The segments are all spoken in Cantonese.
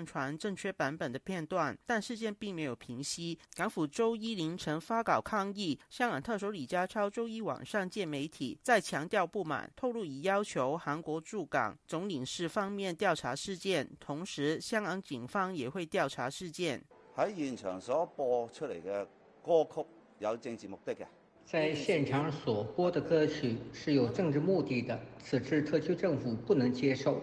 上傳正確版本的片段，但事件並沒有平息。港府周一凌晨發稿抗議，香港特首李家超周一晚上見媒體，再強調不滿，透露已要求韓國駐港總領事方面調查事件，同時香港警方也會調查事件。喺現場所播出嚟嘅歌曲有政治目的嘅，在現場所播的歌曲是有政治目的的，此次特區政府不能接受。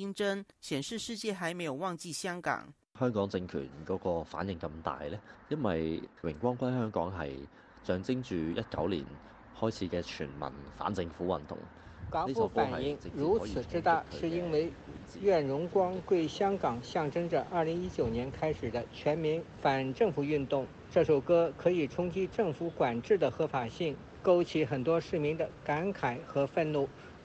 新增顯示世界還沒有忘記香港。香港政權嗰個反應咁大呢？因為《榮光歸香港》係象徵住一九年開始嘅全民反政府運動。港府反應如此之大，是因為《願榮光歸香港》象徵着二零一九年開始的全民反政府運動。這首歌可以衝擊政府管制的合法性，勾起很多市民的感慨和憤怒。